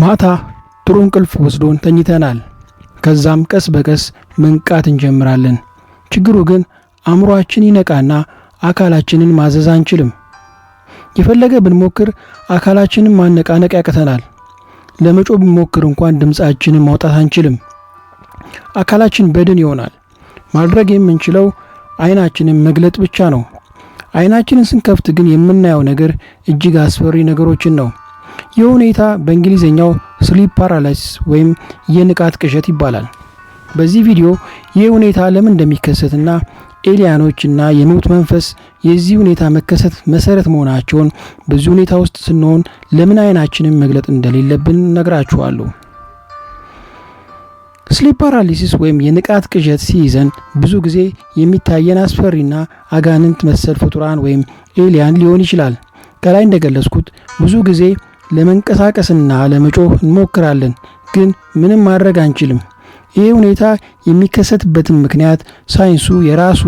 ማታ ጥሩ እንቅልፍ ወስዶን ተኝተናል። ከዛም ቀስ በቀስ መንቃት እንጀምራለን። ችግሩ ግን አእምሮአችን ይነቃና አካላችንን ማዘዝ አንችልም። የፈለገ ብንሞክር አካላችንን ማነቃነቅ ያቅተናል። ለመጮ ብንሞክር እንኳን ድምፃችንን ማውጣት አንችልም። አካላችን በድን ይሆናል። ማድረግ የምንችለው አይናችንን መግለጥ ብቻ ነው። አይናችንን ስንከፍት ግን የምናየው ነገር እጅግ አስፈሪ ነገሮችን ነው። ይህ ሁኔታ በእንግሊዝኛው ስሊፕ ፓራላይሲስ ወይም የንቃት ቅዠት ይባላል። በዚህ ቪዲዮ ይህ ሁኔታ ለምን እንደሚከሰትና ኤሊያኖች እና የሞት መንፈስ የዚህ ሁኔታ መከሰት መሰረት መሆናቸውን በዚህ ሁኔታ ውስጥ ስንሆን ለምን አይናችንን መግለጥ እንደሌለብን ነግራችኋለሁ። ስሊፕ ፓራሊሲስ ወይም የንቃት ቅዠት ሲይዘን ብዙ ጊዜ የሚታየን አስፈሪና አጋንንት መሰል ፍጡራን ወይም ኤሊያን ሊሆን ይችላል። ከላይ እንደገለጽኩት ብዙ ጊዜ ለመንቀሳቀስና ለመጮህ እንሞክራለን፣ ግን ምንም ማድረግ አንችልም። ይህ ሁኔታ የሚከሰትበትን ምክንያት ሳይንሱ የራሱ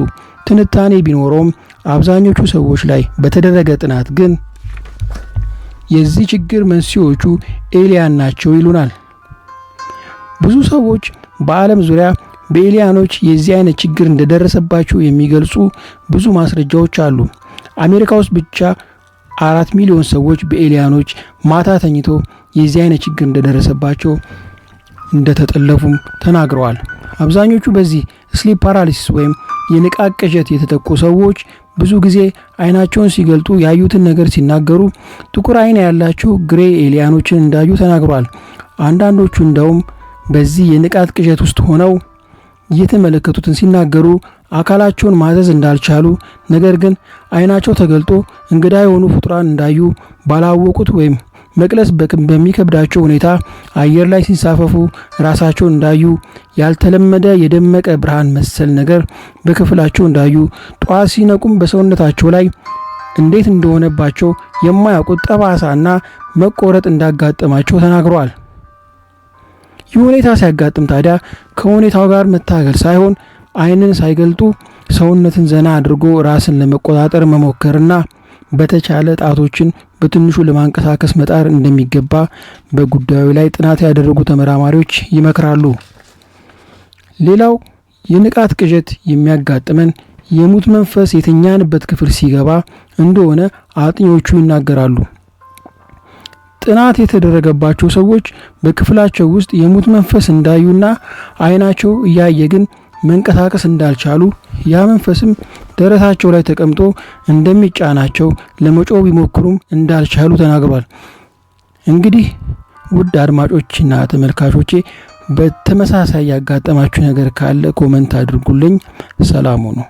ትንታኔ ቢኖረውም አብዛኞቹ ሰዎች ላይ በተደረገ ጥናት ግን የዚህ ችግር መንስኤዎቹ ኤሊያን ናቸው ይሉናል። ብዙ ሰዎች በዓለም ዙሪያ በኤሊያኖች የዚህ አይነት ችግር እንደደረሰባቸው የሚገልጹ ብዙ ማስረጃዎች አሉ። አሜሪካ ውስጥ ብቻ አራት ሚሊዮን ሰዎች በኤሊያኖች ማታ ተኝቶ የዚህ አይነት ችግር እንደደረሰባቸው እንደተጠለፉም ተናግረዋል። አብዛኞቹ በዚህ ስሊፕ ፓራሊሲስ ወይም የንቃት ቅዠት የተጠቁ ሰዎች ብዙ ጊዜ አይናቸውን ሲገልጡ ያዩትን ነገር ሲናገሩ ጥቁር አይን ያላቸው ግሬ ኤሊያኖችን እንዳዩ ተናግሯል። አንዳንዶቹ እንደውም በዚህ የንቃት ቅዠት ውስጥ ሆነው የተመለከቱትን ሲናገሩ አካላቸውን ማዘዝ እንዳልቻሉ ነገር ግን አይናቸው ተገልጦ እንግዳ የሆኑ ፍጡራን እንዳዩ ባላወቁት ወይም መቅለስ በሚከብዳቸው ሁኔታ አየር ላይ ሲንሳፈፉ ራሳቸውን እንዳዩ ያልተለመደ የደመቀ ብርሃን መሰል ነገር በክፍላቸው እንዳዩ ጠዋት ሲነቁም በሰውነታቸው ላይ እንዴት እንደሆነባቸው የማያውቁት ጠባሳና መቆረጥ እንዳጋጠማቸው ተናግረዋል። ይህ ሁኔታ ሲያጋጥም ታዲያ ከሁኔታው ጋር መታገል ሳይሆን አይንን ሳይገልጡ ሰውነትን ዘና አድርጎ ራስን ለመቆጣጠር መሞከርና በተቻለ ጣቶችን በትንሹ ለማንቀሳቀስ መጣር እንደሚገባ በጉዳዩ ላይ ጥናት ያደረጉ ተመራማሪዎች ይመክራሉ። ሌላው የንቃት ቅዠት የሚያጋጥመን የሙት መንፈስ የተኛንበት ክፍል ሲገባ እንደሆነ አጥኚዎቹ ይናገራሉ። ጥናት የተደረገባቸው ሰዎች በክፍላቸው ውስጥ የሙት መንፈስ እንዳዩና አይናቸው እያየ ግን መንቀሳቀስ እንዳልቻሉ ያ መንፈስም ደረታቸው ላይ ተቀምጦ እንደሚጫናቸው ለመጮ ቢሞክሩም እንዳልቻሉ ተናግሯል። እንግዲህ ውድ አድማጮችና ተመልካቾቼ በተመሳሳይ ያጋጠማችሁ ነገር ካለ ኮመንት አድርጉልኝ። ሰላሙ ነው።